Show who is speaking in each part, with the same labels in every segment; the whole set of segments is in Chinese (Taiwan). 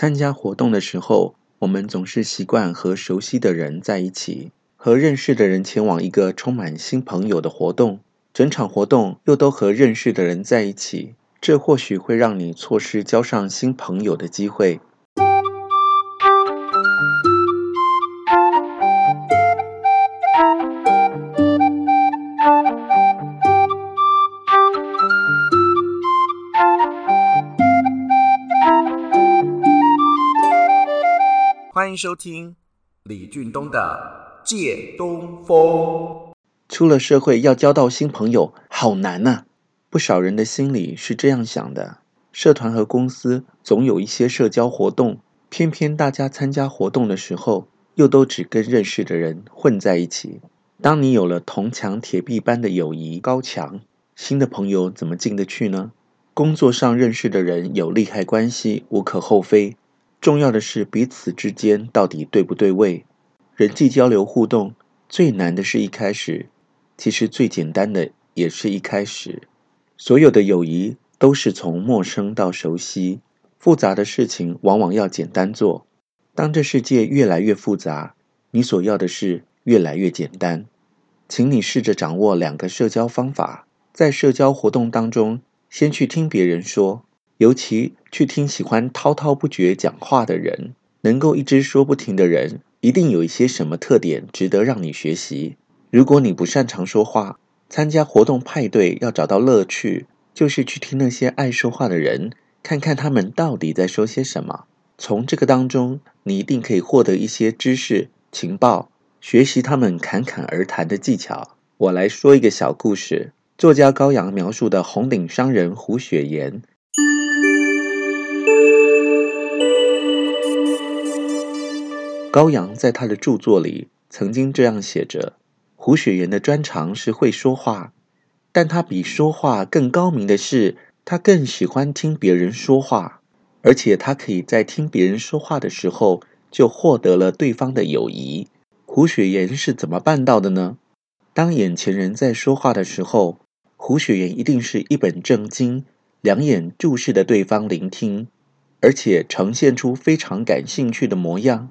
Speaker 1: 參加活動的時候，我們總是習慣和熟悉的人在一起，和認識的人前往一個充滿新朋友的活動。整場活動又都和認識的人在一起，這或許會讓你錯失交上新朋友的機會。歡迎收聽李俊東的《借東風》。出了社會要交到新朋友，好難吶、啊！不少人的心裡是這樣想的：社團和公司總有一些社交活動，偏偏大家參加活動的時候，又都只跟認識的人混在一起。當你有了銅牆鐵壁般的友誼高牆，新的朋友怎麼進得去呢？工作上認識的人有利害關係，無可厚非。重要的是彼此之間到底對不對位。人際交流互動最難的是一開始，其實最簡單的也是一開始。所有的友誼都是從陌生到熟悉。複雜的事情往往要簡單做。當這世界越來越複雜，你所要的事越來越簡單。請你試着掌握兩個社交方法，在社交活動當中，先去聽別人說。尤其去聽喜歡滔滔不絕講話的人，能夠一直說不停的人，一定有一些什麼特點值得讓你學習。如果你不擅長說話，參加活動派對要找到樂趣，就是去聽那些愛說話的人，看看他們到底在說些什麼。從這個當中，你一定可以獲得一些知識、情報，學習他們侃侃而談的技巧。我來說一個小故事，作家高陽描述的紅頂商人胡雪岩。高陽在他的著作裡曾經這樣寫着：“胡雪岩的專長是會說話，但他比說話更高明的是，他更喜歡聽別人說話，而且他可以在聽別人說話的時候就獲得了對方的友誼。胡雪岩是怎麼辦到的呢？當眼前人在說話的時候，胡雪岩一定是一本正經，兩眼注視着對方聆聽，而且呈現出非常感興趣的模樣。”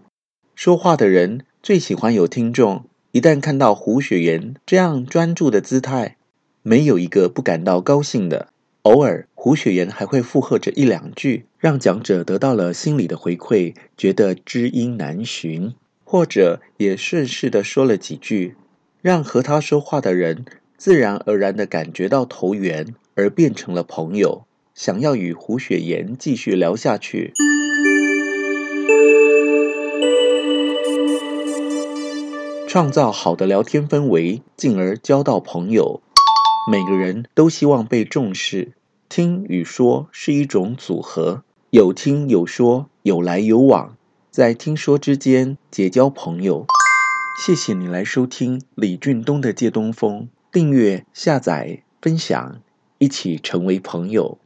Speaker 1: 說話的人最喜歡有聽眾。一旦看到胡雪岩這樣專注的姿態，沒有一個不感到高興的。偶爾，胡雪岩還會附和着一兩句，讓講者得到了心理的回饋，覺得知音難尋；或者也順勢地說了幾句，讓和他說話的人自然而然地感覺到投緣，而變成了朋友，想要與胡雪岩繼續聊下去。創造好的聊天氛圍，進而交到朋友。每個人都希望被重視。聽與說是一種組合，有聽有說，有來有往，在聽說之間結交朋友。謝謝你來收聽李俊東的借東風，訂閱、下載、分享，一起成為朋友。